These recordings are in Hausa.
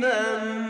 من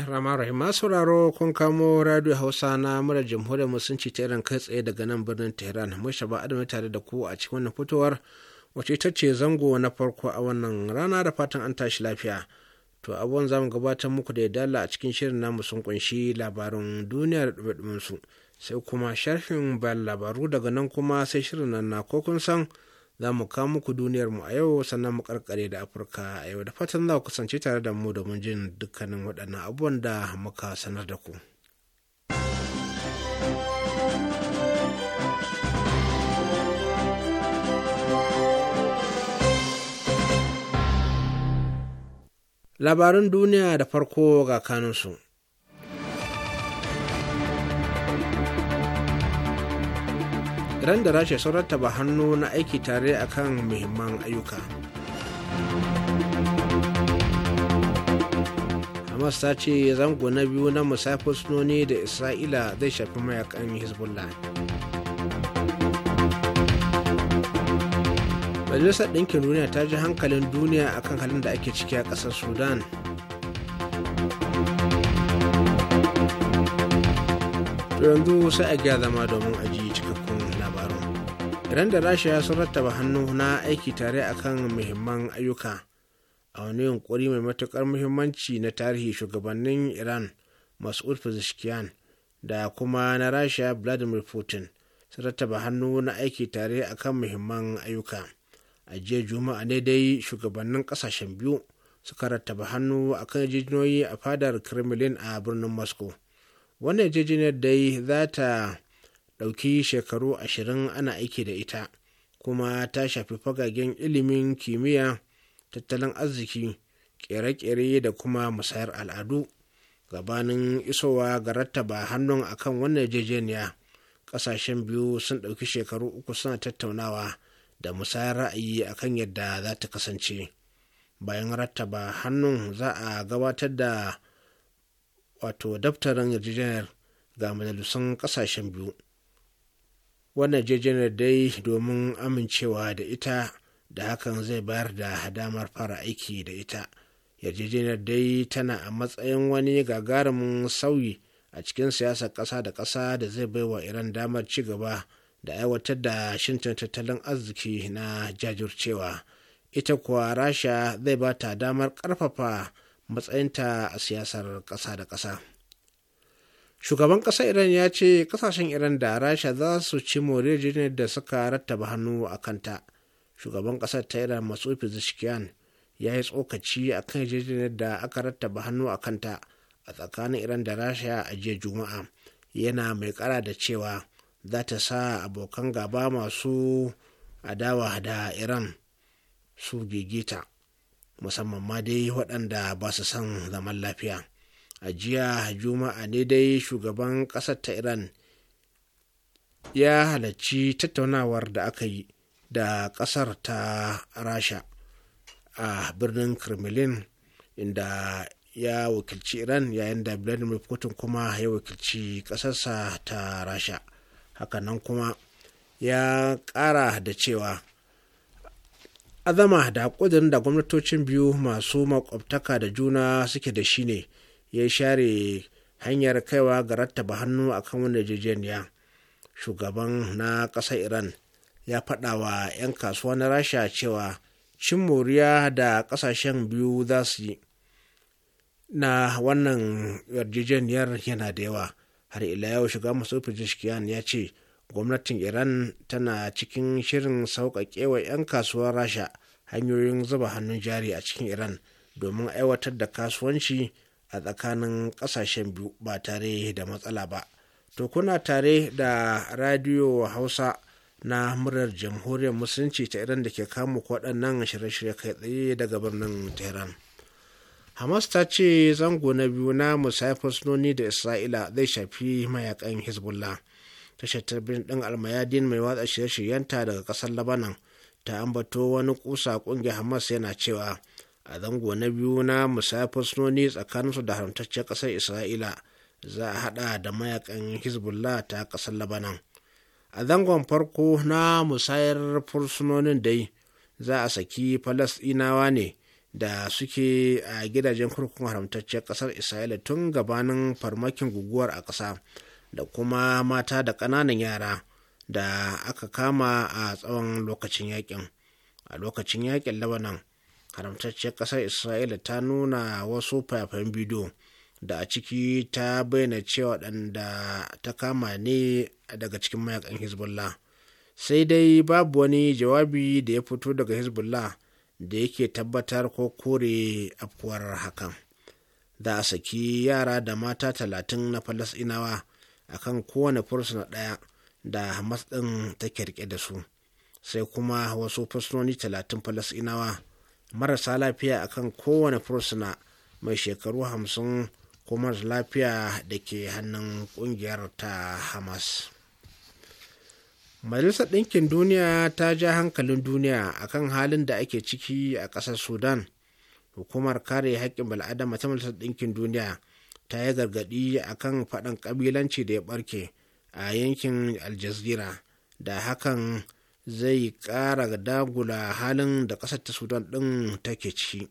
bismillah masu sauraro kun kamo radio hausa na murar jamhuriyar musulunci ta irin kai tsaye daga nan birnin tehran musha ba adama tare da ku a cikin wannan fitowar wace ita ce zango na farko a wannan rana da fatan an tashi lafiya to abubuwan zamu gabatar muku da dala a cikin shirin namu sun kunshi labarin duniya da ɗuben su sai kuma sharhin bayan labaru daga nan kuma sai shirin nan na ko kun san za mu kawo muku duniyar mu a yau sannan mu karkare da afirka a yau da fatan za ku kusance tare da mu domin jin dukkanin waɗannan abubuwan da muka sanar da ku. Labarin duniya da farko ga kanunsu. iran da rasha sun rattaba hannu na aiki tare a kan muhimman ayyuka hamas ta ce zango na biyu na musafir sunoni da isra'ila zai shafi mayakan hezbollah majalisar ɗinkin duniya ta ji hankalin duniya akan halin da ake ciki a ƙasar sudan to yanzu sai a gyara zama domin a iran da rasha sun rattaba hannu na aiki tare akan muhimman ayyuka a wani yunkuri mai matukar muhimmanci na tarihi shugabannin iran mas'ud pezeshkian da kuma na rasha vladimir putin sun rattaba hannu na aiki tare akan muhimman ayyuka a jiya juma'a ne dai shugabannin kasashen biyu suka rattaba hannu akan jijinoyi a fadar kremlin a birnin moscow wannan yarjejeniyar dai za ta ɗauki shekaru ashirin ana aiki da ita kuma ta shafi fagagen ilimin kimiyya tattalin arziki ƙere-ƙere da kuma musayar al'adu gabanin isowa ga rattaba hannun akan wannan jejeniya ƙasashen biyu sun ɗauki shekaru uku suna tattaunawa da musayar ra'ayi akan yadda za ta kasance bayan rattaba hannun za a gabatar da wato daftarin yarjejeniyar ga majalisun ƙasashen biyu wannan jejenar dai domin amincewa da ita da hakan zai bayar da damar fara aiki da ita yarjejeniyar dai tana a matsayin wani gagarumin sauyi a cikin siyasar ƙasa da ƙasa da zai baiwa iran damar ci gaba da aiwatar da shintin tattalin arziki na jajircewa ita kuwa rasha zai ba ta damar ƙarfafa matsayinta a siyasar ƙasa da ƙasa shugaban ƙasar iran ya ce ƙasashen iran da rasha za su ci moriyar da suka rattaba hannu a kanta shugaban ƙasar ta iran masu fizikiyan ya yi tsokaci a kan yarjejeniyar da aka rattaba hannu a kanta a tsakanin iran da rasha a jiya juma'a yana mai kara da cewa za ta sa abokan gaba masu adawa da iran su gigita musamman ma dai waɗanda ba su san zaman lafiya a jiya juma'a ne dai shugaban ƙasar ta iran ya halarci tattaunawar da aka yi da ƙasar ta rasha a birnin kremlin inda ya wakilci iran yayin da vladimir putin kuma ya wakilci ƙasarsa ta rasha hakanan kuma ya ƙara da cewa azama da ƙudurin da gwamnatocin biyu masu makwabtaka da juna suke da shi ne ya share hanyar kaiwa ga rattaba hannu a kan wani jejeniya shugaban na ƙasar iran ya faɗa wa 'yan kasuwa na rasha cewa cin moriya da ƙasashen biyu za su yi na wannan yarjejeniyar yana da yawa har ila yau shiga masu fijishkiyan ya ce gwamnatin iran tana cikin shirin sauƙaƙe wa 'yan kasuwar rasha hanyoyin zuba hannun jari a cikin iran domin aiwatar da kasuwanci a tsakanin ƙasashen biyu ba tare da matsala ba to kuna tare da radio hausa na murar jamhuriyar musulunci ta iran da ke kama waɗannan shirye-shirye kai tsaye daga birnin tehran hamas ta ce zango na biyu na musayar sunoni da isra'ila zai shafi mayakan hezbollah tashar tarbin ɗin almayadin mai watsa shirye-shiryenta daga ƙasar labanan ta ambato wani ƙusa ƙungiyar hamas yana cewa a zango na biyu na musafir sunoni tsakaninsu da haramtacciyar ƙasar isra'ila za a haɗa da mayakan hezbollah ta ƙasar labanan a zangon farko na musayar fursunonin dai za a saki falasɗinawa ne da suke a gidajen kurkukun haramtacciyar ƙasar isra'ila tun gabanin farmakin guguwar a ƙasa da kuma mata da ƙananan yara da aka kama a tsawon lokacin yakin a lokacin yakin labanan haramtacciyar ƙasar isra'ila ta nuna wasu fayafan bidiyo da a ciki ta bayyana cewa waɗanda ta kama ne daga cikin mayakan hezbollah sai dai babu wani jawabi da ya fito daga hezbollah da yake tabbatar ko kore afkuwar hakan da a saki yara da mata talatin na falasinawa kan kowane fursuna ɗaya da hamas ɗin ta rike da su sai kuma wasu fursunoni talatin falasinawa marasa lafiya akan kowane fursuna mai shekaru hamsin ko marasa lafiya da ke hannun kungiyar ta hamas majalisar ɗinkin duniya ta ja hankalin duniya akan halin da ake ciki a ƙasar sudan hukumar kare haƙƙin bal'adama ta majalisar ɗinkin duniya ta yi gargaɗi akan faɗan ƙabilanci da ya ɓarke a yankin aljazira da hakan zai ƙara dagula halin da ƙasar ta sudan ɗin take ciki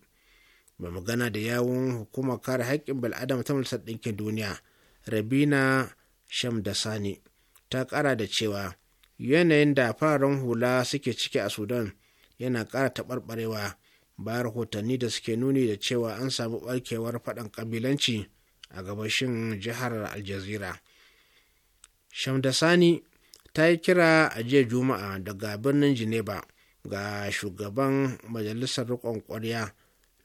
mai magana da yawun hukumar kare haƙƙin bil'adama ta majalisar ɗinkin duniya rabina shamdasani ta ƙara da cewa yanayin da fararen hula suke ciki a sudan yana ƙara taɓarɓarewa bayan rahotanni da suke nuni da cewa an samu ɓarkewar faɗan ƙabilanci a gabashin jihar aljazira shamdasani ta yi kira a jiya juma'a daga birnin geneva ga shugaban majalisar rikon ƙwarya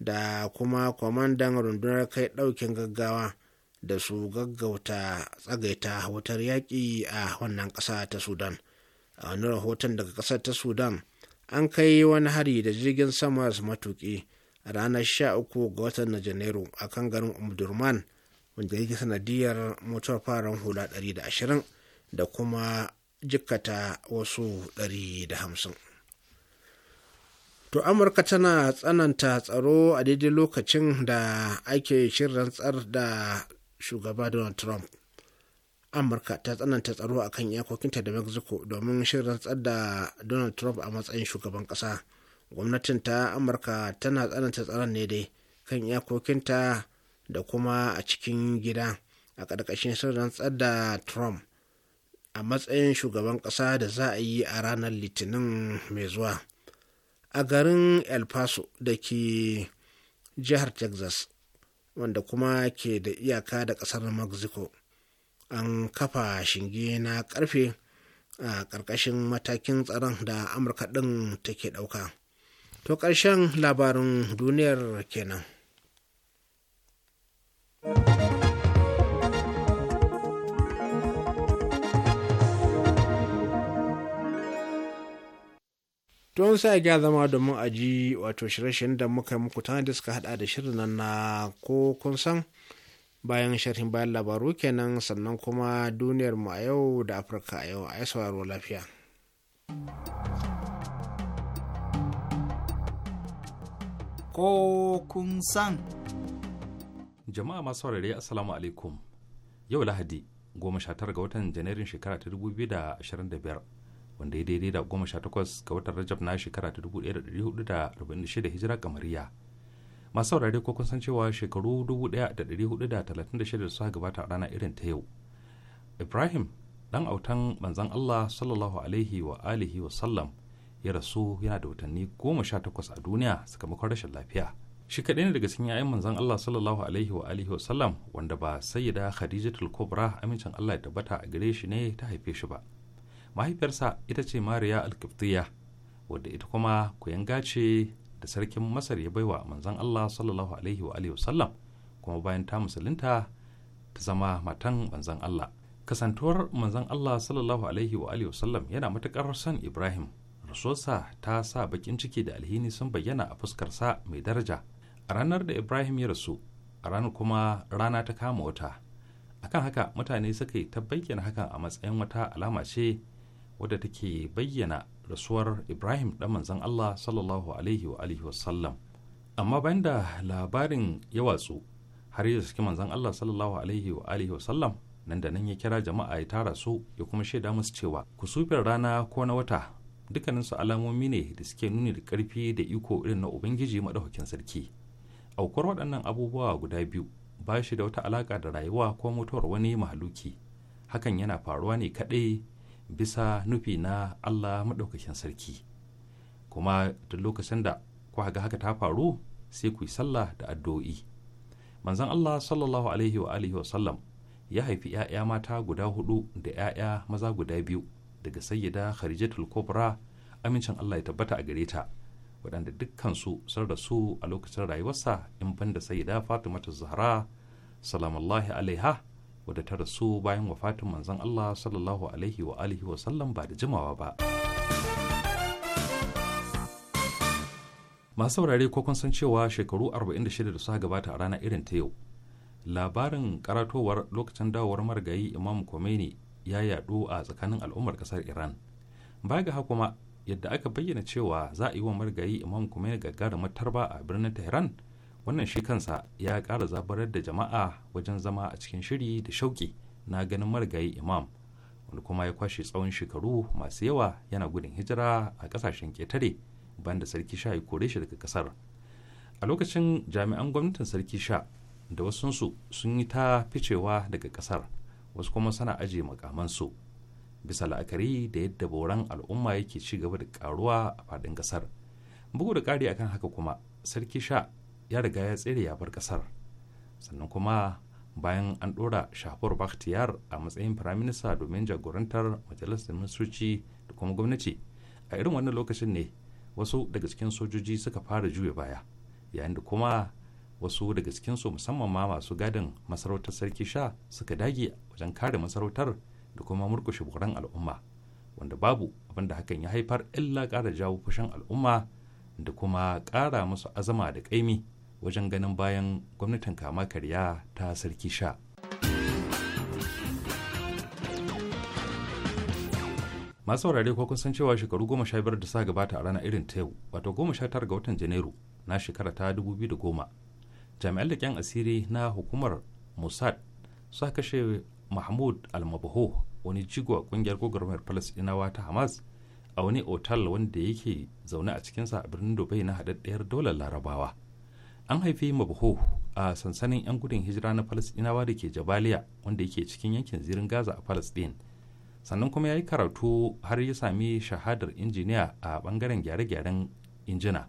da kuma kwamandan rundunar kai ɗaukin gaggawa da su gaggauta tsagaita wutar yaƙi a wannan ƙasa ta sudan a wani rahoton daga ƙasar ta sudan an kai wani hari da jirgin sama su matuƙi a ranar uku ga watan na janairu a kan garin umdurman wanda yake sanadiyar motar faran hula 120 da kuma jikkata wasu ɗari da hamsin. to amurka tana tsananta tsaro a daidai lokacin da ake shirin rantsar da shugaba donald trump amurka ta tsananta tsaro a kan iyakokinta da mexico domin shirin rantsar da donald trump a matsayin shugaban kasa gwamnatin ta amurka tana tsananta tsaron ne dai kan iyakokinta da kuma a cikin gida a ƙarƙashin shirin rantsar da trump a matsayin shugaban ƙasa da za a yi a ranar litinin mai zuwa a garin el paso da ke jihar texas wanda kuma ke da iyaka da ƙasar mexico an kafa shinge na ƙarfe a ƙarƙashin matakin tsaron da amurka ɗin take ɗauka to ƙarshen labarin duniyar kenan don sai ga zama domin a ji wato shirye-shiryen da muka muku ta da suka hada da shirin nan na ko kun san bayan sharhin bayan labaru kenan sannan kuma duniyar mu a yau da afirka a yau a yi sauraro lafiya ko kun san jama'a masu saurare assalamu alaikum yau lahadi goma sha ga watan janairun shekara ta 2025 wanda ya daidai da goma sha takwas ga watan rajab na shekara ta dubu ɗaya da ɗari hudu da arba'in da shida hijira kamariya masu saurare ko kun san cewa shekaru dubu ɗaya da ɗari hudu da talatin da shida suka gabata a rana irin ta yau ibrahim dan autan manzon allah sallallahu alaihi wa alihi wa sallam ya rasu yana da watanni goma sha takwas a duniya sakamakon rashin lafiya shi kaɗai ne daga cikin 'ya'yan manzan Allah sallallahu alaihi wa alihi wa sallam wanda ba sayyida Khadijatul Kubra amincin Allah ya tabbata a gare shi ne ta haife shi ba mahaifiyarsa ita ce mariya alkiftiya wadda ita kuma kuyanga ce da sarkin masar ya baiwa manzan allah sallallahu alaihi wa wasallam kuma bayan ta musulunta ta zama matan manzan allah kasantuwar manzon allah sallallahu alaihi wa wasallam yana matukar son ibrahim rasuwarsa ta sa bakin ciki da alhini sun bayyana a fuskarsa mai daraja a ranar da ibrahim ya rasu a ranar kuma rana ta kama wata akan haka mutane suka yi ta hakan a matsayin wata alama ce wadda take bayyana rasuwar ibrahim ɗan manzon allah sallallahu alaihi wa alihi wasallam amma bayan da labarin ya watsu har ya suke manzon allah sallallahu alaihi wa alihi wasallam nan da nan ya kira jama'a ya tara su ya kuma shaida musu cewa kusufin rana ko na wata dukkaninsu alamomi ne da suke nuni da ƙarfi da iko irin na ubangiji maɗaukakin sarki aukuwar waɗannan abubuwa guda biyu ba shi da wata alaƙa da rayuwa ko mutuwar wani mahaluki hakan yana faruwa ne kaɗai bisa nufi na Allah maɗaukakin sarki kuma da lokacin da ku ga haka ta faru sai ku yi sallah da addu'o'i manzon Allah sallallahu alaihi wa alihi wa sallam ya haifi ‘ya'ya mata guda hudu da ‘ya'ya maza guda biyu daga sayyida kharijatul kubra amincin Allah ya tabbata a gare ta waɗanda dukkansu sun rasu a lokacin rayuwarsa in banda sayyida fatimatu zahra salamallahi alaiha wadda ta rasu bayan wafatin manzon Allah sallallahu alaihi wa alihi wa sallam ba da jimawa ba. Masu saurare ko kun san cewa shekaru 46 da suka gabata a rana irin ta yau. Labarin karatowar lokacin dawowar marigayi Imam Khomeini ya yadu a tsakanin al'ummar kasar Iran. Baya ga kuma yadda aka bayyana cewa za a yi wa marigayi Imam Khomeini gagarumar matarba a birnin Tehran wannan shi kansa ya ƙara zabarar da jama'a wajen zama a cikin shiri da shauƙi na ganin marigayi imam wanda kuma ya kwashe tsawon shekaru masu yawa yana gudun hijira a ƙasashen ƙetare banda da sarki sha ya kore shi daga ƙasar a lokacin jami'an gwamnatin sarki sha da wasunsu sun yi ta ficewa daga ƙasar wasu kuma suna ajiye makamansu bisa la'akari da yadda boran al'umma yake ci gaba da karuwa a faɗin ƙasar bugu da ƙari akan haka kuma sarki sha ya riga ya tsere ya bar kasar sannan kuma bayan an ɗora shafur bakhtiyar a matsayin firaminista domin jagorantar majalisar ministoci da kuma gwamnati a irin wannan lokacin ne wasu daga cikin sojoji suka fara juya baya yayin da kuma wasu daga cikinsu musamman ma masu gadin masarautar sarki sha suka dage wajen kare masarautar da kuma murkushe buran al'umma wanda babu abin da hakan ya haifar illa kara jawo fushin al'umma da kuma ƙara musu azama da ƙaimi wajen ganin bayan gwamnatin kama karya ta sarki sha masu saurare ko kun san cewa shekaru goma sha biyar da sa gabata a ranar irin ta yau wato goma sha tara ga watan janairu na shekara ta dubu biyu da goma jami'an da asiri na hukumar mossad suka kashe mahmud almabaho wani jigo a ƙungiyar gwagwarmayar palestinawa ta hamas a wani otal wanda yake zaune a cikinsa a birnin dubai na haɗaɗɗiyar dolar larabawa an haifi mabuhu a sansanin 'yan gudun hijira na falasdinawa da ke jabaliya wanda yake cikin yankin zirin gaza a falasɗin sannan kuma ya yi karatu har ya sami shahadar injiniya a bangaren gyare-gyaren injina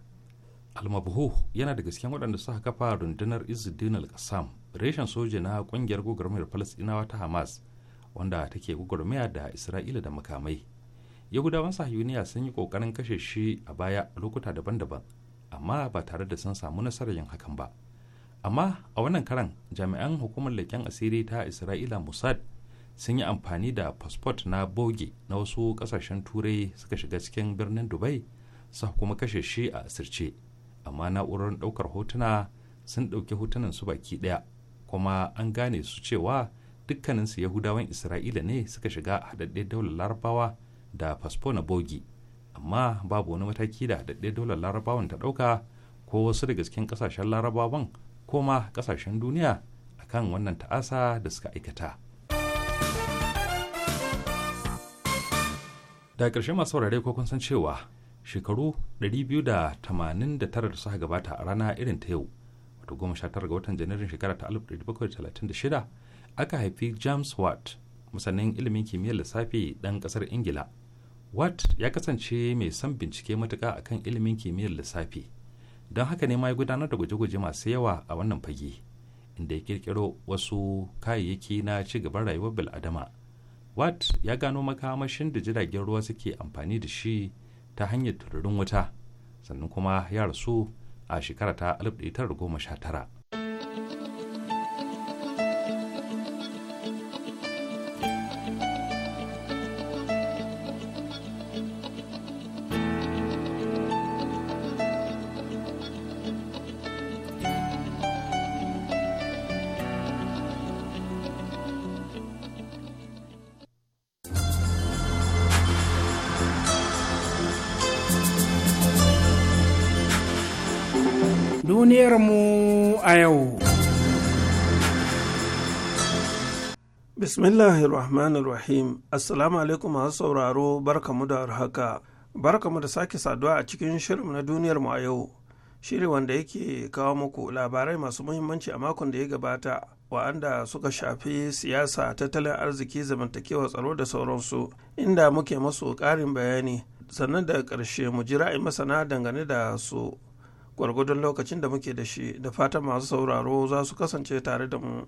almabuhu yana da gaske waɗanda suka kafa rundunar izuddin al-qassam reshen soja na ƙungiyar gwagwarmayar falasdinawa ta hamas wanda take gwagwarmaya da isra'ila da makamai yahudawan sahiyuniya sun yi kokarin kashe shi a baya a lokuta daban-daban amma ba tare da sun samu nasarar yin hakan ba amma a wannan karan jami'an hukumar leƙen asiri ta isra'ila mossad sun yi amfani da fasfot na boge na wasu ƙasashen turai suka shiga cikin birnin dubai su kuma kashe shi a asirce amma na'urar ɗaukar hotuna sun ɗauki hotunan su baki ɗaya kuma an gane su cewa dukkaninsu yahudawan isra'ila ne suka shiga haɗaɗɗen daular larabawa da fasfo na bogi amma babu wani mataki da daɗe dole larabawan ta ɗauka ko wasu daga cikin ƙasashen larabawan ko ma ƙasashen duniya a kan wannan ta'asa da suka aikata da ƙarshe masu saurare ko kun san cewa shekaru 289 da suka gabata a rana irin ta yau wato 19 ga watan janairun shekara ta 1736 aka haifi james watt masanin ilimin kimiyyar lissafi ɗan ƙasar ingila watt ya kasance mai son bincike matuƙa akan ilimin kimiyyar lissafi don haka ne ma ya gudanar da guje-guje masu yawa a wannan fage inda ya kirkiro wasu kayayyaki na ci gaban rayuwar bil'adama watt ya gano makamashin da jiragen ruwa suke amfani da shi ta hanyar tururin wuta sannan kuma ya rasu a shekara ta 1919 mu a yau. Bismillahirrahmanirrahim. Assalamu alaikum masu sauraro barkamu da haka. mu da sake saduwa a cikin shirin na duniyar mu a yau. Shiri wanda yake kawo muku labarai masu muhimmanci a makon da ya gabata wa'anda suka shafi siyasa, tattalin arziki, zamantakewa tsaro da sauransu, inda muke masu ƙarin bayani. sannan da ƙarshe mu ji ra'ayin masana dangane da su gwargwadon lokacin da muke da shi da fatan masu sauraro za su kasance tare da mu.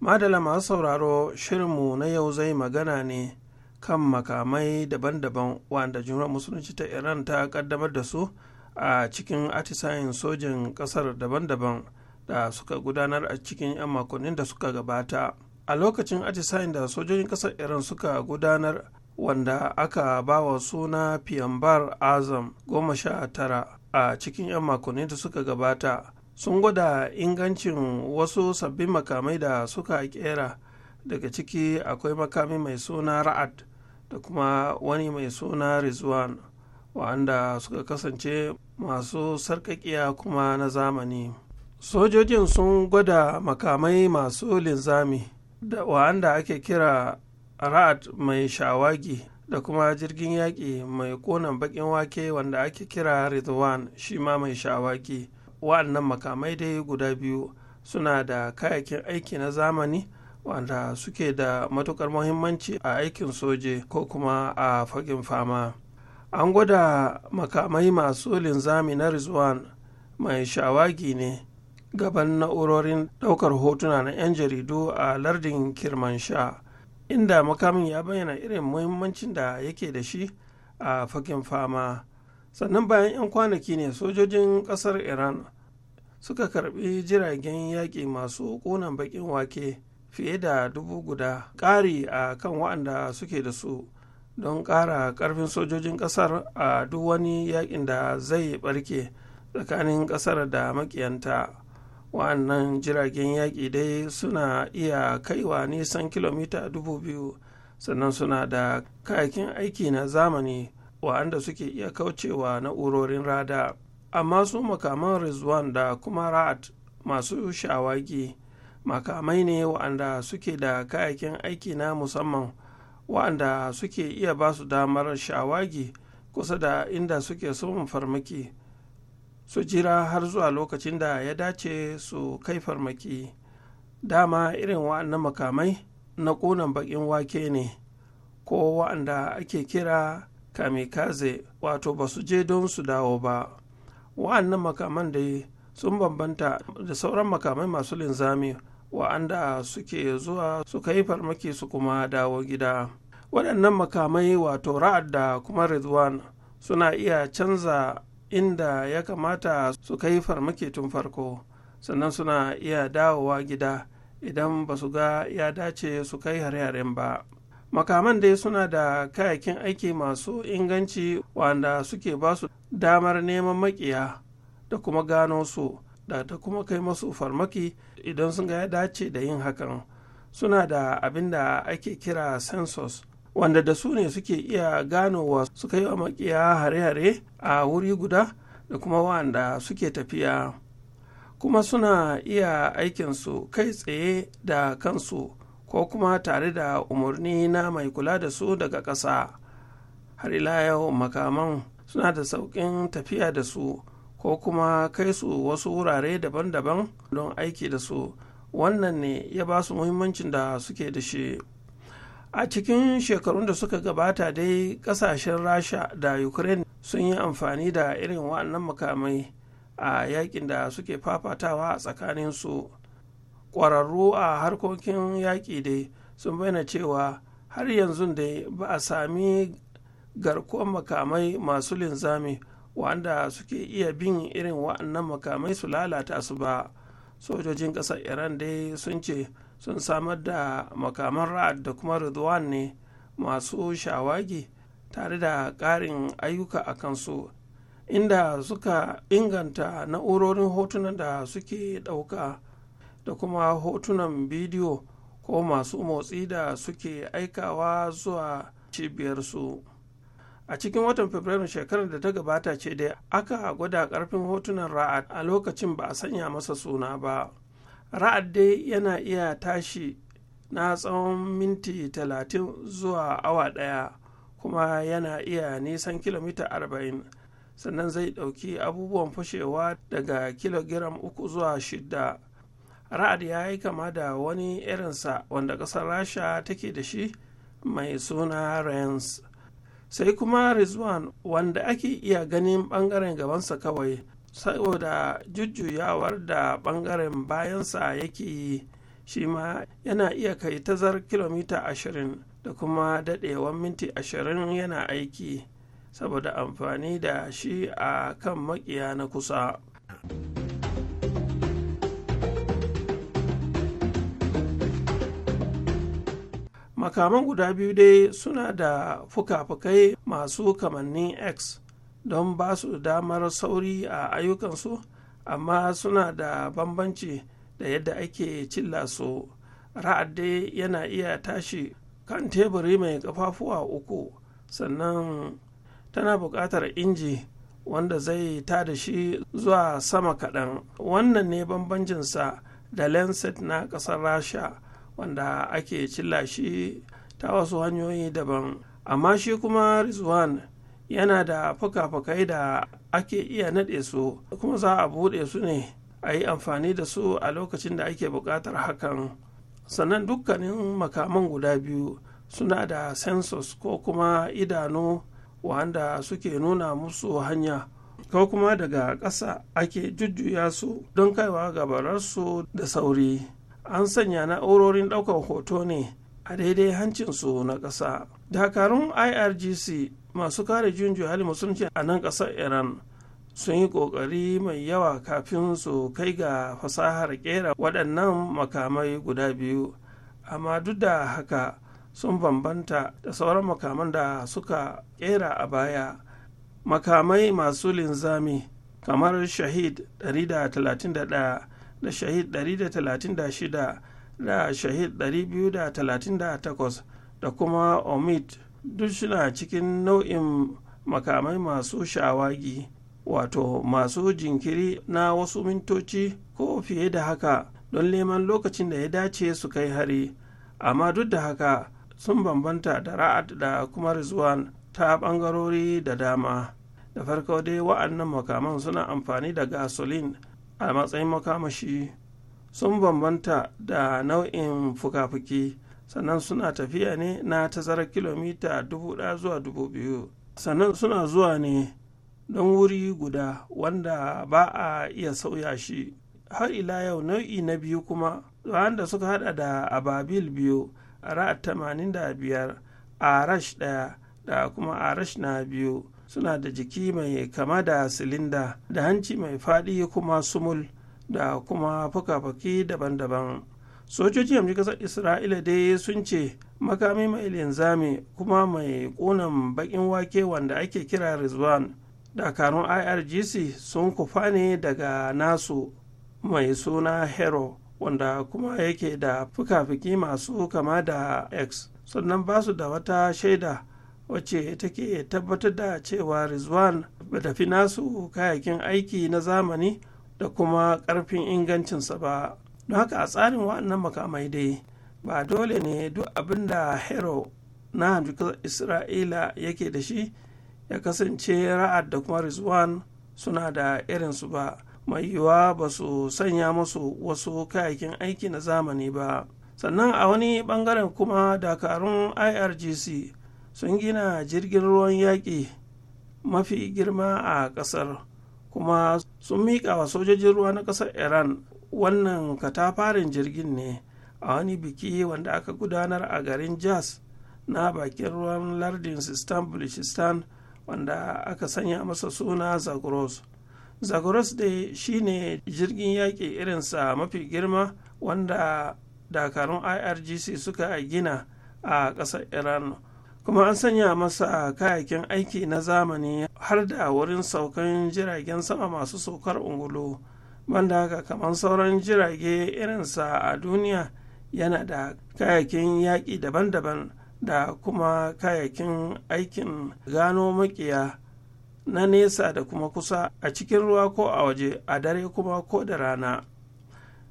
Madala masu sauraro shirinmu na yau zai magana ne kan makamai daban-daban wanda jumhuriyar musulunci ta Iran ta kaddamar da su a cikin atisayin sojin kasar daban-daban da suka gudanar a cikin 'yan makonnin da suka gabata. a lokacin aji sa'in da sojojin ƙasar iran suka gudanar wanda aka ba wa suna piyambar azam goma sha tara a cikin 'yan makonni da suka gabata sun gwada ingancin wasu sabbin makamai da suka kera daga ciki akwai makami mai suna ra'ad da kuma wani mai suna rizwan wa'anda suka kasance masu sarkakiya kuma na zamani sojojin sun gwada makamai masu linzami da wa'anda ake kira rat mai shawagi da kuma jirgin yaƙi mai ƙonan baƙin wake wanda ake kira Rizwan shi ma mai shawagi, wa'annan makamai dai guda biyu suna da kayakin aiki na zamani wanda suke da matukar muhimmanci a aikin soje ko kuma a fagen fama an gwada makamai masu linzami na rizwan mai shawagi ne gaban na'urorin ɗaukar hotuna na 'yan jaridu a lardin Kirman Sha inda makamin ya bayyana irin muhimmancin da yake da shi a fagen fama sannan bayan 'yan kwanaki ne sojojin ƙasar iran suka karbi jiragen yaƙi masu ƙunan baƙin wake fiye da dubu guda ƙari a kan wa'anda suke da su don ƙara ƙarfin sojojin ƙasar a duk wani yaƙin da zai ɓarke tsakanin ƙasar da makiyanta wa'annan jiragen yaƙi dai suna iya kaiwa nisan kilomita dubu biyu sannan suna da kayakin aiki na zamani wa'anda suke iya kaucewa na'urorin rada amma su makaman rizwan da kuma rat masu shawagi makamai ne wa'anda suke da kayakin aiki na musamman wa'anda suke iya basu damar shawagi kusa da inda suke son farmaki su jira har zuwa lokacin da ya dace su kai farmaki dama irin wa'annan makamai na ƙunan baƙin wake ne ko wa'anda ake kira kamikaze wato ba su je don su dawo ba wa'annan makaman dai sun bambanta da sauran makamai masu linzami wa'anda suke zuwa su kai farmaki su kuma dawo gida waɗannan makamai wato ra'ad da kuma rizwan suna iya canza inda ya kamata su kai farmaki tun farko sannan suna iya dawowa gida idan ba su ga ya dace su kai hare-haren ba makaman dai suna da kayakin aiki masu inganci wanda suke ba su damar neman makiya da kuma gano su da ta kuma kai masu farmaki idan sun ga ya dace da yin hakan suna da abin da ake kira census wanda da su ne suke iya ganowa suka yi wa makiya hare-hare a wuri guda da kuma wanda suke tafiya kuma suna iya aikinsu kai tsaye da kansu ko kuma tare da umarni na mai kula da su daga ƙasa har ila yau makaman suna da sauƙin tafiya da su ko kuma kai su wasu wurare daban-daban don aiki da su wannan ne ya ba su muhimmancin da suke da shi a cikin shekarun da suka gabata dai kasashen rasha da ukraine sun yi amfani da irin waɗannan makamai a yakin da suke fafatawa a tsakanin su ƙwararru a harkokin yaƙi dai sun bayyana cewa har yanzu dai ba a sami garkuwar makamai masu linzami wanda suke iya bin irin waɗannan makamai su lalata su ba sojojin ƙasar iran dai sun ce sun samar da makaman ra'ad da kuma ridwan ne masu shawagi tare da ƙarin ayyuka a kansu inda suka inganta na'urorin hotunan da suke ɗauka da kuma hotunan bidiyo ko masu motsi da suke aikawa zuwa cibiyarsu a cikin watan fabrairu shekarar da ta gabata ce dai aka gwada ƙarfin hotunan ra'ad a lokacin ba a sanya masa suna ba ra'ad dai yana iya tashi na tsawon minti talatin zuwa awa ɗaya kuma yana iya nisan kilomita arba'in sannan zai ɗauki abubuwan fashewa daga kilogiram uku zuwa shida ra'ad ya yi kama da wani irinsa wanda ƙasar rasha take da shi mai suna rens sai kuma rizwan wanda ake iya ganin bangaren gabansa kawai saboda jujjuyawar da ɓangaren bayansa yake yi shi ma yana iya kai tazar kilomita ashirin da kuma dadewan minti ashirin yana aiki saboda amfani da shi a kan makiya na kusa. makaman guda biyu dai suna da fuka-fukai masu kamannin x don ba su damar sauri a ayyukansu amma suna da bambanci da yadda ake cilla su ra'adde yana iya tashi kan teburi mai kafafuwa uku sannan tana buƙatar inji wanda zai tada shi zuwa sama kaɗan wannan ne bambancinsa da lancet na ƙasar rasha wanda ake cilla shi ta wasu hanyoyi daban amma shi kuma rizwan yana da fuka-fukai da ake iya naɗe su kuma za a buɗe su ne a yi amfani da su a lokacin da ake buƙatar hakan sannan dukkanin makaman guda biyu suna da sensus ko kuma idanu wanda suke nuna musu hanya ko kuma daga ƙasa ake jujjuya su don kaiwa gabararsu da sauri an sanya na'urorin ɗaukar hoto ne a daidai hancinsu na ƙasa dakarun irgc masu kare juyin hali musulunci a nan ƙasar iran sun yi ƙoƙari mai yawa kafin su kai ga fasahar ƙera waɗannan makamai guda biyu amma duk da haka sun bambanta da sauran makaman da suka ƙera a baya makamai masu linzami kamar shahid 131 da shahid 136 da shahid 238 da kuma omid duk suna cikin nau'in makamai masu shawagi wato masu jinkiri na wasu mintoci ko fiye da haka don neman lokacin da ya dace su kai hari amma duk da haka sun bambanta da ra'ad da kuma rizwan ta ɓangarori da dama da farko dai wa'annan makaman suna amfani da gasolin a matsayin makamashi sun bambanta da nau'in fuka-fuki sannan suna tafiya ne na tazarar kilomita dubu ɗaya zuwa dubu biyu. sannan suna zuwa ne don wuri guda wanda ba a iya sauya shi har ila yau nau'i na biyu kuma da suka hada da ababil biyu ara tamanin da biyar arash daya da kuma arash na biyu suna da jiki mai kama da silinda da hanci mai faɗi kuma sumul da kuma fuka-fuki daban-daban sojoji hamji ƙasar isra'ila dai sun ce makami mai linzami kuma mai ƙunan baƙin wake wanda ake kira rizwan dakarun irgc sun kufa ne daga nasu mai suna hero wanda kuma yake da fuka-fuki masu kama da x sannan ba su da wata shaida wacce take tabbatar da cewa rizwan ba tafi nasu kayakin aiki na zamani da kuma ƙarfin ingancinsa ba don haka a tsarin wa'annan makamai dai ba dole ne duk abin da hero na hamjikar isra'ila yake da shi ya kasance ra'ad da kuma rizwan suna da irinsu ba mai yiwuwa ba su sanya masu wasu kayakin aiki na zamani ba sannan a wani bangaren kuma dakarun irgc sun gina jirgin ruwan yaƙi mafi girma a ƙasar kuma sun miƙa wa sojojin ruwa na ƙasar iran wannan katafarin jirgin ne a wani biki wanda aka gudanar a garin jazz na bakin ruwan lardin sistan bulishistan wanda aka sanya masa suna zagros zagros dai shine jirgin yaƙi irinsa mafi girma wanda dakarun irgc suka gina a ƙasar iran kuma an sanya masa kayakin aiki na zamani har da wurin saukan jiragen sama masu saukar ungulu banda haka kamar sauran jirage irinsa a duniya yana da kayakin yaƙi daban-daban da kuma kayakin aikin gano makiya na nesa da kuma kusa a cikin ruwa ko a waje a dare kuma ko da rana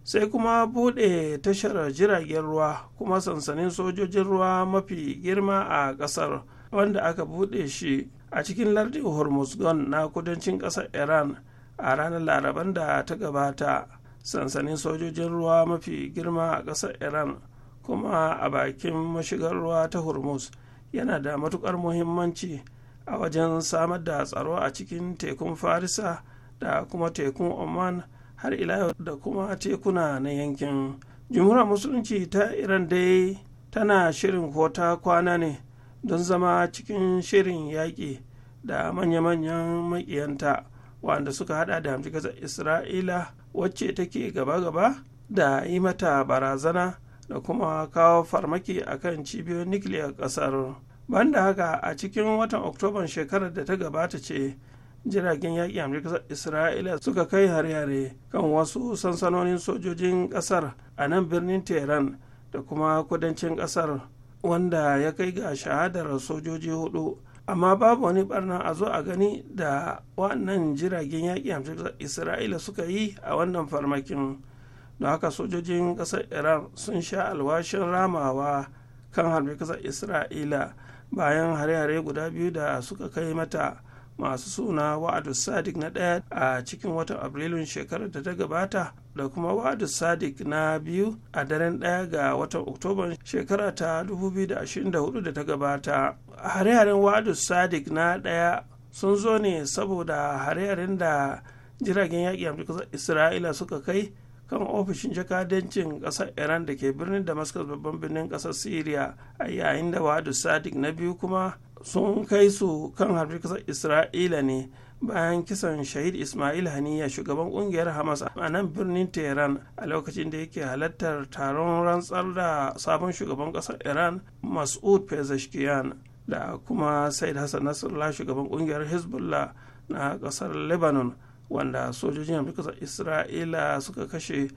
sai kuma buɗe tashar jiragen ruwa kuma sansanin sojojin ruwa mafi girma a ƙasar wanda aka buɗe shi a cikin lardin hormuzgon na kudancin ƙasar iran a ranar laraban da ta gabata sansanin sojojin ruwa mafi girma a ƙasar iran kuma a bakin mashigar ruwa ta hormuz yana da matukar muhimmanci a wajen samar da tsaro a cikin tekun farisa da kuma tekun oman har ila da kuma tekuna na yankin jumhuriyar musulunci ta iran dai tana shirin ko ta kwana ne don zama cikin shirin yaƙi da manya-manyan makiyanta. wanda suka hada da hamjikasar isra'ila wacce take gaba-gaba da yi mata barazana da kuma kawo farmaki a kan cibiyoyin nukiliyar kasar banda haka a cikin watan oktoban shekarar da ta gabata ce jiragen yaƙi amurka isra'ila suka kai hare-hare kan wasu sansanonin sojojin ƙasar a nan birnin tehran da kuma kudancin ƙasar wanda ya kai ga shahadar sojoji hudu amma babu wani barna a zo a gani da wannan jiragen yaƙi hamsin isra'ila suka yi a wannan farmakin don haka sojojin ƙasar iran sun sha alwashin ramawa kan harbe ƙasar isra'ila bayan hare-hare guda biyu da suka kai mata masu suna wa'adu sadik na ɗaya a cikin watan abrilun shekarar da ta gabata da kuma wa'adu sadik na biyu a daren ɗaya ga watan oktoban shekara ta 2024 da ta gabata hare-haren wa'adu Sadiq na ɗaya sun zo ne saboda hare-haren da jiragen yaƙi amurka isra'ila suka kai kan ofishin jakadancin ƙasar iran da ke birnin damascus babban birnin ƙasar syria a yayin da wa'adu Sadiq na biyu kuma sun kai su kan harbi kasar isra'ila ne bayan kisan shahid ismail haniya shugaban kungiyar hamas a nan birnin tehran a lokacin da yake halartar taron rantsar da sabon shugaban kasar iran mas'ud pezeshkian da kuma said hassan nasrallah shugaban kungiyar hezbollah na kasar lebanon wanda sojojin kasar isra'ila suka kashe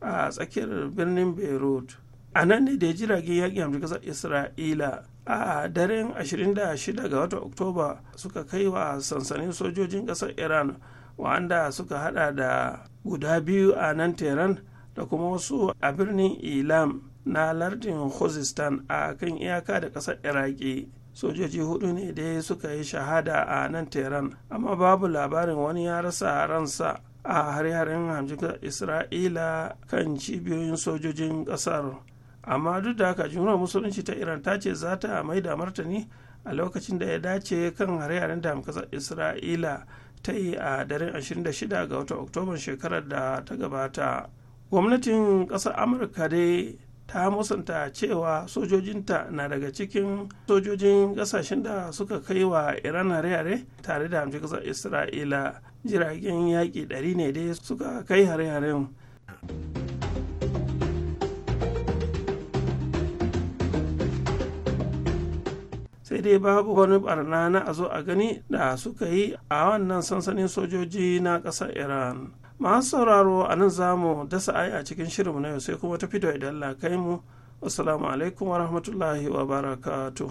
a tsakiyar birnin beirut a nan ne da jiragen yakin amurka isra'ila a daren 26 ga watan oktoba suka kai wa sansanin sojojin ƙasar iran wanda suka hada da guda biyu a nan tehran da kuma wasu a birnin ilam na lardin khuzistan a kan iyaka da ƙasar iraki sojoji hudu ne dai suka yi shahada a nan tehran amma babu labarin wani ya rasa ransa a hare-haren hamjika isra'ila kan cibiyoyin sojojin ƙasar amma duk da haka jumhuriyar musulunci ta iran ta ce za ta mai da martani a lokacin da ya dace kan hare-haren da kasar isra'ila ta yi a daren 26 ga wata oktoban shekarar da ta gabata gwamnatin kasar amurka dai ta musanta cewa sojojinta na daga cikin sojojin kasashen da suka kai wa iran hare-hare tare da hamshi kasar isra'ila jiragen yaƙi 100 ne dai suka kai hare-haren sai dai babu wani barna na a zo a gani da suka yi a wannan sansanin sojoji na ƙasar iran masu sauraro a nan za mu dasa ai a cikin shirinmu na yau sai kuma ta fito idan la kai mu assalamu alaikum wa rahmatullahi wa barakatuh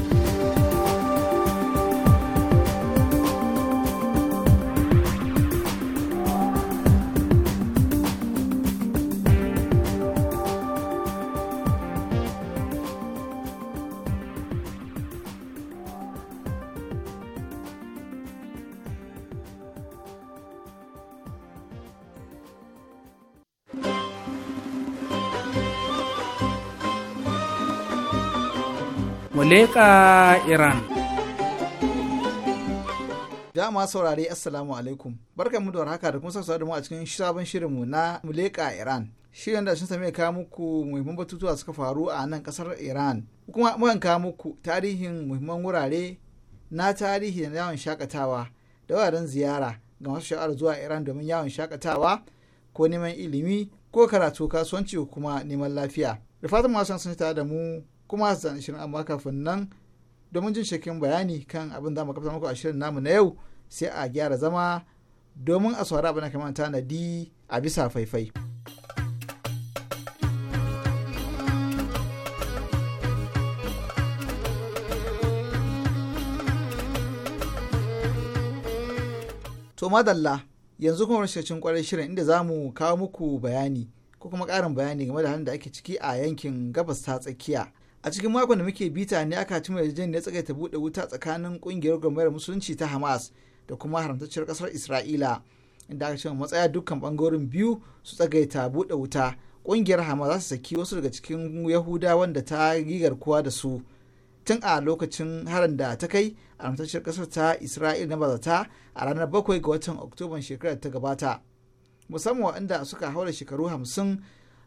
leƙa Iran. Dama saurare Assalamu alaikum. Barkanmu da warhaka da kuma sassa da mu a cikin sabon shirinmu na Muleka Iran. Shirin da sun same ka muku muhimman batutuwa suka faru a nan kasar Iran. Kuma muka ka muku tarihin muhimman wurare na tarihi da yawon shakatawa da wuraren ziyara ga masu sha'ar zuwa Iran domin yawon shakatawa ko neman ilimi ko karatu kasuwanci ko kuma neman lafiya. Da fatan masu sun tare da mu kuma hassan shirin amma kafin nan domin jin shekin bayani kan abin za mu kafa muku shirin namu na yau sai a gyara zama domin a saurari abin da kamar tanadi a bisa faifai. To madalla yanzu kuma rashin kwarar shirin inda za mu kawo muku bayani ko kuma karin bayani game da halin da ake ciki a yankin gabas ta tsakiya a cikin makon da muke bita ne aka tuma yarjejeniyar tsakaita buɗe wuta tsakanin ƙungiyar gwamnatin musulunci ta hamas da kuma haramtacciyar kasar isra'ila inda aka cimma matsaya dukkan ɓangarorin biyu su tsagaita buɗe wuta ƙungiyar hamas za su saki wasu daga cikin yahuda wanda ta yi kuwa da su tun a lokacin harin da ta kai a haramtacciyar kasar ta isra'ila na bazata a ranar bakwai ga watan oktoban shekarar ta gabata musamman waɗanda suka haura shekaru hamsin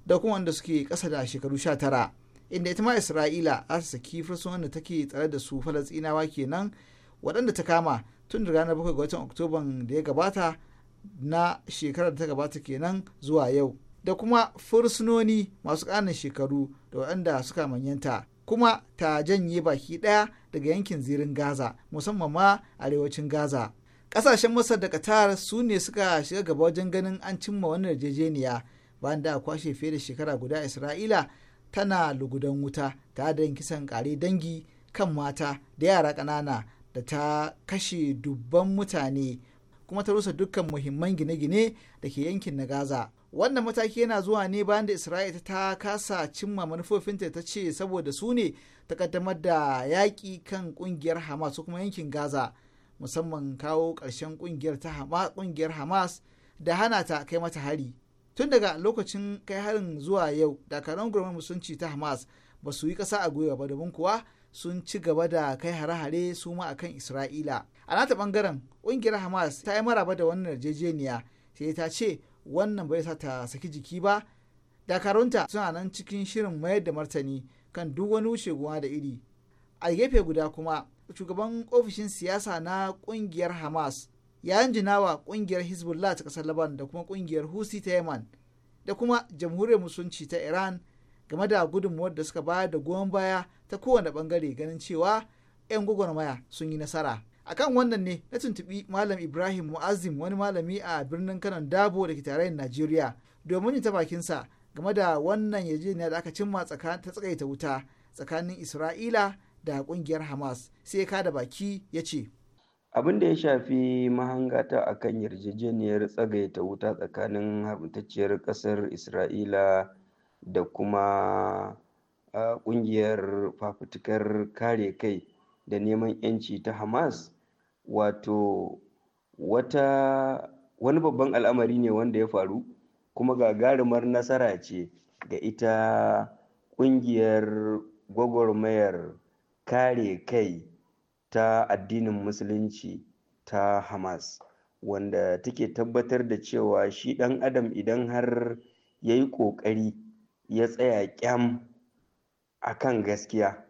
da kuma wanda suke kasa da shekaru sha tara inda ita ma isra'ila za ta saki wanda da take tsare da su falasinawa kenan waɗanda ta kama tun da ranar bakwai ga watan oktoban da ya gabata na shekarar da ta gabata kenan zuwa yau da kuma fursunoni masu ƙanan shekaru da waɗanda suka manyanta kuma ta janye baki ɗaya daga yankin zirin gaza musamman ma arewacin gaza ƙasashen masar da qatar su ne suka shiga gaba wajen ganin an cimma wannan yarjejeniya bayan da a kwashe fiye da shekara guda isra'ila tana lugudan wuta ta da kisan kare dangi kan mata da yara ƙanana da ta kashe dubban mutane kuma ta rusa dukkan muhimman gine-gine da ke yankin na gaza wannan mataki yana zuwa ne bayan da isra'ila ta kasa cimma manufofinta ta ce saboda su ne ta kaddamar da yaƙi kan ƙungiyar hamas kuma yankin gaza musamman kawo ƙarshen ƙungiyar hamas da hana ta kai mata hari tun daga lokacin kai harin zuwa yau dakarun gurman musulunci ta hamas ba su yi ƙasa a gwiwa ba domin kuwa sun ci gaba da kai hare-hare su ma akan isra'ila a nata bangaren ƙungiyar hamas ta yi maraba da wannan yarjejeniya sai ta ce wannan bai sa ta saki jiki ba dakarunta suna nan cikin shirin mayar da martani kan duk wani wuce goma da iri a gefe guda kuma shugaban ofishin siyasa na ƙungiyar hamas ya jinawa wa kungiyar hezbollah ta kasar laban da kuma kungiyar husi ta yaman da kuma jamhuriyar musulunci ta iran game da gudunmuwar da suka bayar da goyon baya ta kowane bangare ganin cewa 'yan gwagwarmaya sun yi nasara akan wannan ne na tuntubi malam ibrahim mu'azzim wani malami a birnin kanon dabo da ke tarayyar najeriya domin yin ta bakinsa game da wannan yarjejeniya da aka cimma ta tsakaita wuta tsakanin isra'ila da kungiyar hamas sai ka da baki ya ce abin da ya shafi mahangata a kan yarjejeniyar tsagaita wuta tsakanin haramtacciyar ƙasar isra'ila da kuma ƙungiyar fafutukar kare kai da neman 'yanci ta hamas wato wata wani babban al'amari ne wanda ya faru kuma gagarumar nasara ce ga ita ƙungiyar gwagwarmayar kare kai ta addinin musulunci ta hamas wanda take tabbatar da cewa shi ɗan adam idan har ya yi ƙoƙari ya tsaya kyam a kan gaskiya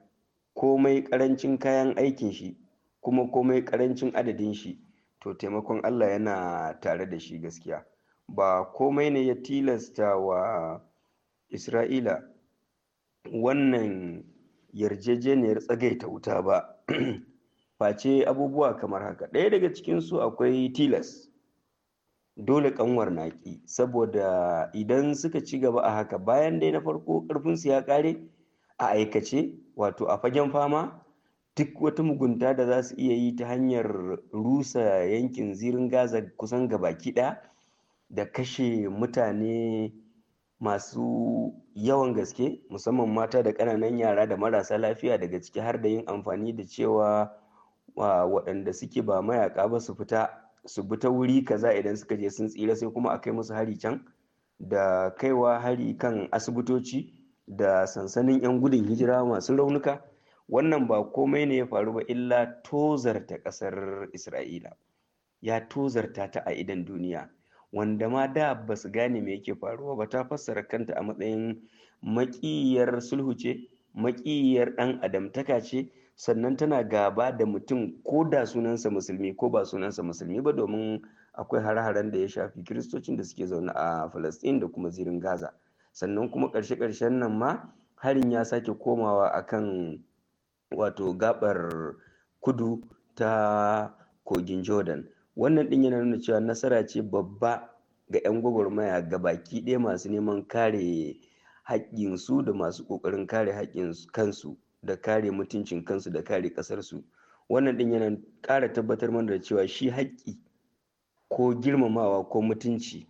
komai ƙarancin kayan aikin shi kuma komai ƙarancin adadin shi to taimakon allah yana tare da shi gaskiya ba komai ne ya tilasta wa isra'ila wannan yarjejeniyar tsagaita wuta ba face abubuwa kamar haka ɗaya daga cikinsu akwai tilas dole kanwar naƙi saboda idan suka ci gaba a haka bayan dai na farko ƙarfinsu ya ƙare a aikace wato a fagen fama duk wata mugunta da za su iya yi ta hanyar rusa yankin zirin gaza kusan gabaki kiɗa, da kashe mutane masu yawan gaske musamman mata da ƙananan yara da marasa lafiya daga ciki har da yin amfani da cewa waɗanda suke ba mayaka ba su fita su bi ta wuri kaza idan suka je sun tsira sai kuma a kai musu hari can da kaiwa hari kan asibitoci da sansanin 'yan gudun hijira masu raunuka wannan ba komai ne ya faru ba illa tozarta ƙasar isra'ila ya tozarta ta a idan duniya wanda ma da ba su gane me yake faruwa ba ta fassara kanta a matsayin maƙiyar sulhu ce maƙiyar ɗan adamtaka ce sannan tana gaba da mutum ko da sunansa musulmi ko ba sunansa musulmi ba domin akwai har-haren da ya shafi kiristocin da suke zaune a falastin da kuma zirin gaza sannan kuma ƙarshe-ƙarshen nan ma harin ya sake komawa akan wato gabar kudu ta kogin jordan wannan ɗin yana nuna cewa nasara ce babba ga 'yan gwagwarmaya ga baki ɗaya masu neman kare haƙƙinsu da masu ƙoƙarin kare haƙƙin kansu da kare mutuncin kansu da kare kasarsu. wannan din yana kara tabbatar mana da cewa shi haƙƙi ko girmamawa ko mutunci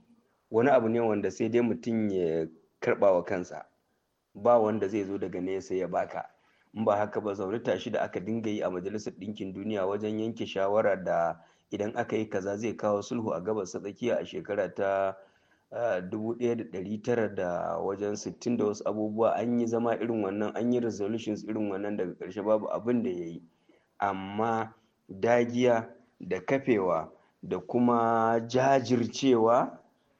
wani abu ne wanda sai dai mutum ya karɓa wa kansa ba wanda zai zo daga nesa ya baka in ba haka ba zaune tashi da aka dinga yi a majalisar ɗinkin duniya wajen yanke shawara da idan aka yi kaza zai kawo sulhu a gabas ta tsakiya a shekara ta 1900 da wajen 60 da wasu abubuwa an yi zama irin wannan an yi resolutions irin wannan daga ƙarshe babu abin da ya yi amma dagiya da kafewa da kuma jajircewa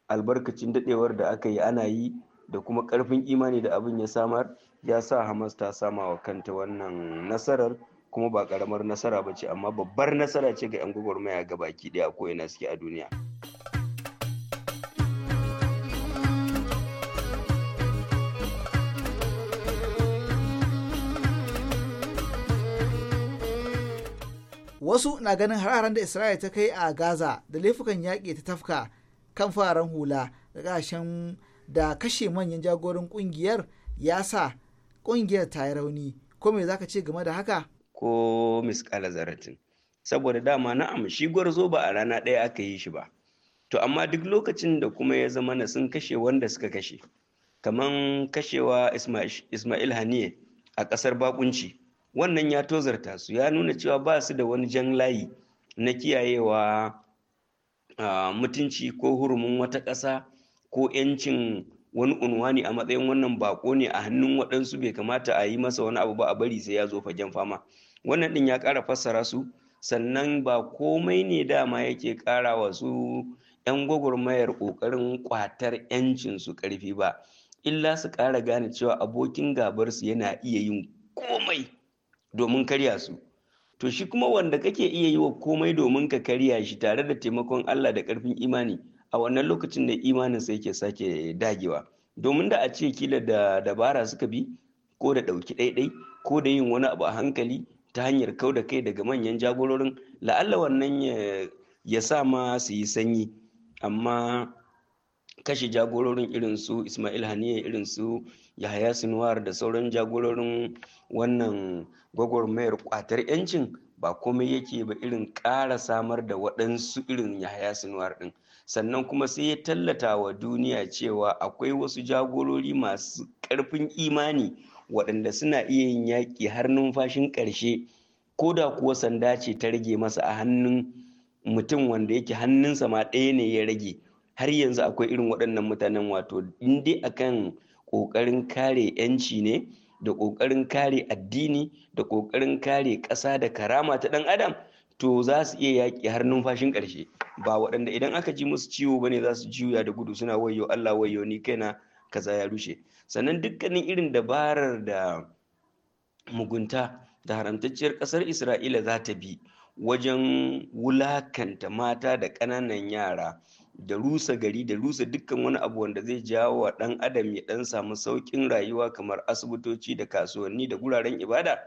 albarkacin daɗewar da aka yi ana yi da kuma ƙarfin imani da abin ya samar ya sa hamas ta sama wa kanta wannan nasarar kuma ba ƙaramar nasara ba ce amma babbar nasara ce ga 'yan gwagwarmaya ga baki ɗaya ko suke a duniya. wasu na ganin hararen da isra'ila ta kai a gaza da laifukan yaƙi ta tafka kan fararen hula da da kashe manyan jagorin ƙungiyar ya sa ƙungiyar ta yi rauni ko me zaka ce game da haka ko miskala zaratin saboda dama na'am shi gwarzo ba a rana ɗaya aka yi shi ba to amma duk lokacin da kuma ya zama na sun kashe wanda suka kashe kaman kashewa ismail haniye a ƙasar bakunci wannan ya tozarta su ya nuna cewa ba su da wani jan layi na kiyayewa mutunci ko hurumin wata ƙasa ko 'yancin wani unwani a matsayin wannan bako ne a hannun waɗansu bai kamata a yi masa wani abu ba a bari sai ya zo fagen fama wannan ɗin ya ƙara fassara su sannan ba komai ne dama yake ƙara wa su 'yan gwagwarmayar ƙoƙarin kwatar 'yancin su ƙarfi ba illa su ƙara gane cewa abokin gabar su yana iya yin komai domin karya su to shi kuma wanda kake iya yi wa komai domin ka karya shi tare da taimakon Allah da karfin imani a wannan lokacin da imanin sai yake sake dagewa domin da a ce kila da dabara suka bi ko da ɗauki ɗaiɗai ko da yin wani abu a hankali ta hanyar kau da kai daga manyan jagororin la'alla wannan ya sa ma su yi sanyi amma kashe jagororin irin ismail haniya irin su yahaya sinuwar da sauran jagororin wannan gwagwarmayar kwatar yancin ba komai yake ba irin ƙara samar da waɗansu irin yahaya sinuwar ɗin sannan kuma sai ya tallata wa duniya cewa akwai wasu jagorori masu ƙarfin imani waɗanda suna iya yin yaƙi har numfashin ƙarshe ko da kuwa sanda ce ta rage masa a hannun mutum wanda yake hannunsa ma ɗaya ne ya rage har yanzu akwai irin waɗannan mutanen wato in a kan ƙoƙarin kare 'yanci ne da ƙoƙarin kare addini da ƙoƙarin kare ƙasa da karama ta ɗan adam to za su iya yaƙi har numfashin ƙarshe ba waɗanda idan aka ji musu ciwo bane za su juya da gudu suna wayo Allah wayo ni kaina kaza ya rushe sannan dukkanin irin dabarar da mugunta da haramtacciyar ƙasar Isra'ila za ta bi wajen wulakanta mata da ƙananan yara da rusa gari da rusa dukkan wani abu wanda zai jawo wa ɗan adam ya ɗan samu saukin rayuwa kamar asibitoci da kasuwanni da guraren ibada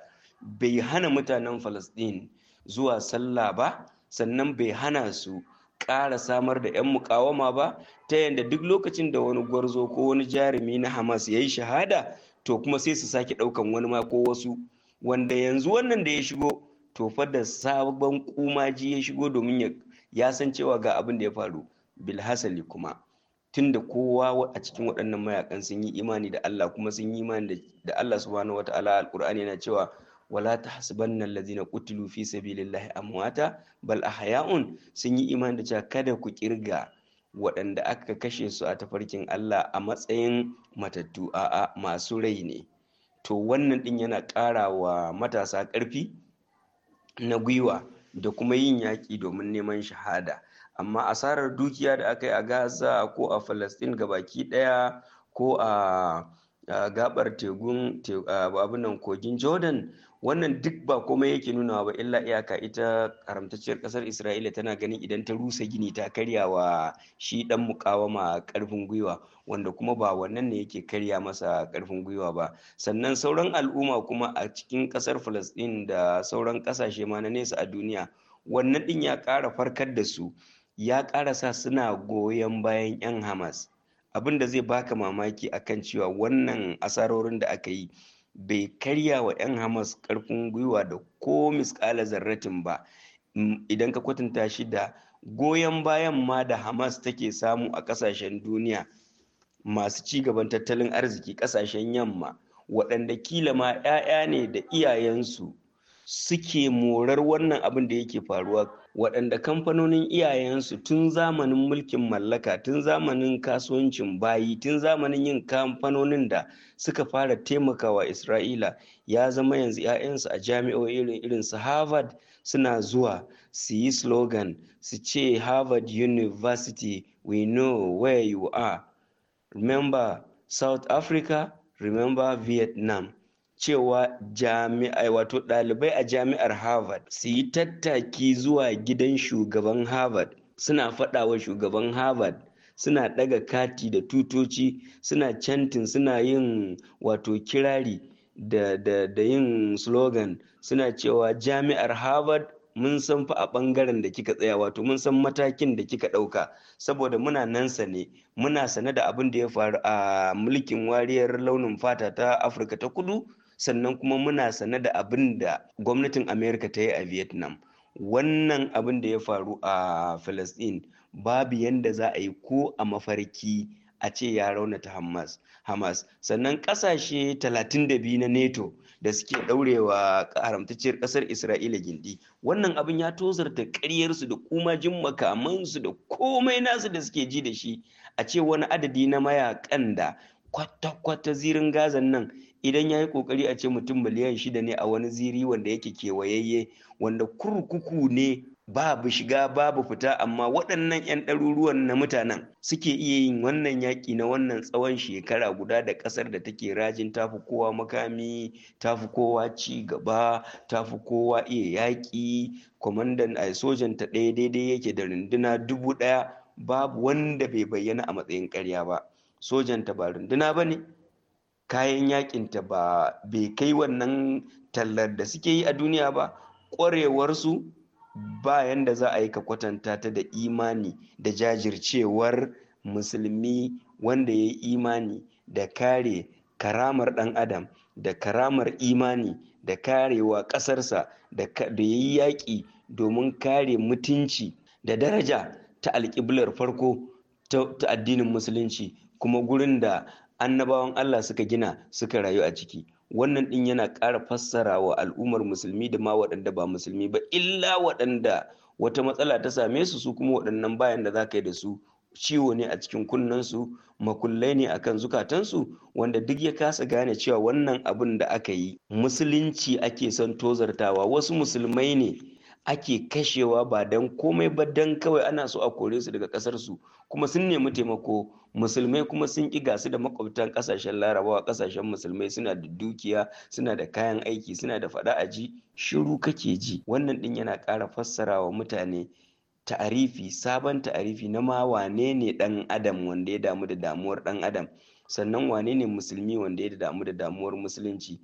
bai hana mutanen falasɗin zuwa sallah ba sannan bai hana su ƙara samar da 'yan mukawama ba ta yadda duk lokacin da wani gwarzo ko wani jarumi na hamas ya yi shahada to kuma sai su sake ɗaukan wani ma ko wasu wanda yanzu wannan da ya shigo to fa da sabon kumaji ya shigo domin ya san cewa ga abin da ya faru bilhasali kuma tunda kowa a cikin waɗannan mayakan sun yi imani da Allah kuma sun yi imani da Allah subhanahu wataala alqur'ani yana cewa wala tahsabanna allazina qutilu fi sabilillahi amwata bal ahya'un sun yi imani da cewa kada ku ƙirga waɗanda aka kashe su a tafarkin Allah a matsayin matattu a'a masu rai ne to wannan din yana ƙara wa matasa ƙarfi na gwiwa da kuma yin yaƙi domin neman shahada amma asarar dukiya da aka yi a gaza ko a falastin gabaki daya ko a gabar tegun nan kogin jordan wannan duk ba komai yake nuna ba illa iyaka ita haramtacciyar kasar isra'ila tana ganin idan ta rusa gini ta karya wa shi dan mukawama karfin gwiwa wanda kuma ba wannan ne yake karya masa karfin gwiwa ba sannan sauran al'umma kuma a cikin kasar falastin da sauran kasashe ma na nesa a duniya wannan din ya kara farkar da su ya ƙarasa suna goyon bayan 'yan hamas abin da zai baka mamaki akan cewa wannan asarorin da aka yi bai karya wa 'yan hamas ƙarfin gwiwa da ko miskala zarratin ba mm, idan ka kwatanta shi da goyon bayan ma da hamas take samu a ƙasashen duniya masu ci gaban tattalin arziki ƙasashen yamma waɗanda kila ma 'ya'ya ne da iyayensu suke morar wannan abin da yake faruwa waɗanda kamfanonin iyayensu tun zamanin mulkin mallaka tun zamanin kasuwancin bayi tun zamanin yin kamfanonin da suka fara taimakawa isra'ila ya zama yanzu 'ya'yansu a jami'o'i irin su harvard suna zuwa su yi slogan su ce harvard university we know where you are remember south africa remember vietnam cewa jami'ai wato ɗalibai a jami'ar harvard su yi tattaki zuwa gidan shugaban harvard suna faɗawa shugaban harvard suna ɗaga kati da tutoci suna cantin suna yin wato kirari da, da, da yin slogan suna cewa jami'ar harvard mun san fa a ɓangaren da kika tsaya wato mun san matakin da kika ɗauka saboda muna nan sane muna sane da abin da ya faru a mulkin wariyar launin fata ta afirka ta kudu sannan kuma muna sane da abin da gwamnatin amerika ta yi a vietnam wannan abin da ya faru a Falasɗin babu yadda za a yi ko a mafarki a ce ya raunata Hamas. Hamas sannan kasashe 32 na NATO da suke daurewa haramtacciyar kasar Isra'ila gindi. Wannan abin ya tozarta karyarsu da kumajin makamansu da komai nasu da suke ji da shi a ce wani adadi na mayakan da kwata-kwata zirin gazan nan idan ya yi kokari a ce mutum miliyan shida ne a wani ziri wanda yake kewayayye wanda kurkuku ne babu shiga babu fita amma waɗannan 'yan ɗaruruwan na mutanen suke iya yin wannan yaƙi na wannan tsawon shekara guda da ƙasar da take rajin tafi kowa makami tafi kowa ci gaba tafi kowa iya yaƙi kwamandan a eh, sojan ta ɗaya daidai yake da runduna dubu ɗaya babu wanda bai bayyana a matsayin ƙarya ba sojan ta ba runduna ba ne kayan yakinta ba bai kai wannan tallar da suke yi a duniya ba ƙwarewarsu ba yanda za a yi ka kwatanta ta da imani da jajircewar musulmi wanda ya yi imani da kare karamar ɗan adam da karamar imani da karewa ƙasarsa da ya yi yaƙi domin kare mutunci da daraja ta alƙiblar farko ta addinin musulunci kuma gurin da annabawan Allah suka gina suka rayu a ciki wannan din yana ƙara fassara wa al'ummar musulmi da ma waɗanda ba musulmi ba illa waɗanda wata matsala ta same su su kuma waɗannan bayan da za ka yi da su ciwo ne a cikin kunnensu makullai ne akan zukatansu wanda duk ya kasa gane cewa wannan abin da aka yi musulunci ake son tozartawa wasu musulmai ne ake kashewa ba don komai ba don kawai ana so a kore su daga kasar su kuma sun nemi taimako musulmai kuma sun ki gasu da makwabtan kasashen larabawa kasashen musulmai suna da dukiya suna da kayan aiki suna da fada a ji shiru kake ji wannan din yana ƙara fassara wa mutane ta'arifi sabon ta'arifi na ma wane ne dan adam wanda ya damu da damuwar dan adam sannan wane ne musulmi wanda ya damu da damuwar musulunci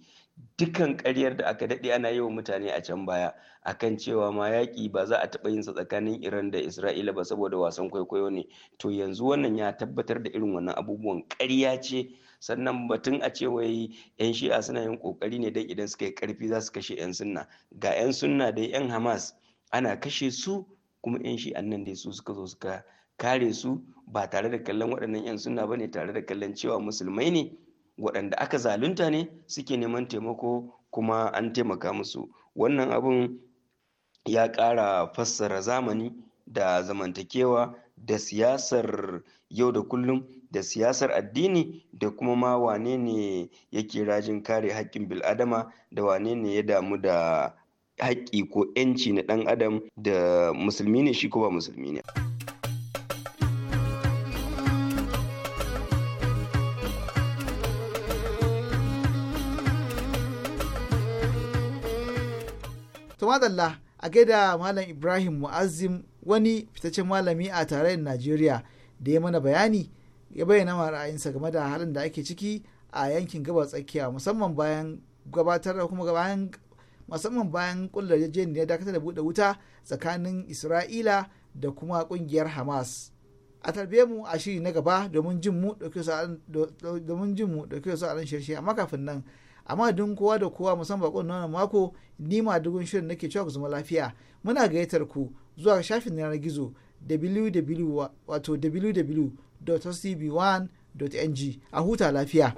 dukan karyar da aka daɗe ana yi wa mutane a can baya akan cewa ma yaƙi ba za a taɓa yinsa tsakanin iran da isra'ila ba saboda wasan kwaikwayo ne to yanzu wannan ya tabbatar da irin wannan abubuwan ƙarya ce sannan batun a ce wai yan shi'a suna yin ƙoƙari ne don idan suka yi ƙarfi za su kashe yan sunna ga yan sunna da yan hamas ana kashe su kuma yan shi'an nan dai su suka zo suka kare su ba tare da kallon waɗannan yan sunna ba ne tare da kallon cewa musulmai ne waɗanda aka zalunta ne suke neman taimako kuma an taimaka musu wannan abun ya ƙara fassara zamani da zamantakewa da siyasar yau da kullum da siyasar addini da kuma ma wane ne yake rajin kare haƙƙin bil'adama da wane ne ya damu da haƙƙi ko 'yanci na ɗan adam da musulmi ne shi ko ba musulmi ne. madalla a gaida malam ibrahim mu'azzim wani fitaccen malami a tarayyar najeriya da ya mana bayani ya bayyana ma ra'ayinsa game da halin da ake ciki a yankin gabas tsakiya musamman bayan gabatar kuma bayan musamman bayan kullar ya dakatar da buɗe wuta tsakanin isra'ila da kuma ƙungiyar hamas a tarbiyyar mu a shiri na gaba domin jin mu ɗauke su a ran shirshi amma kafin nan amma duk kowa da kowa musamman bakon nan mako ni ma dugun shirin nake cewa ku zama lafiya muna gayyatar ku zuwa shafin yanar gizo www.tcb1.ng a huta lafiya.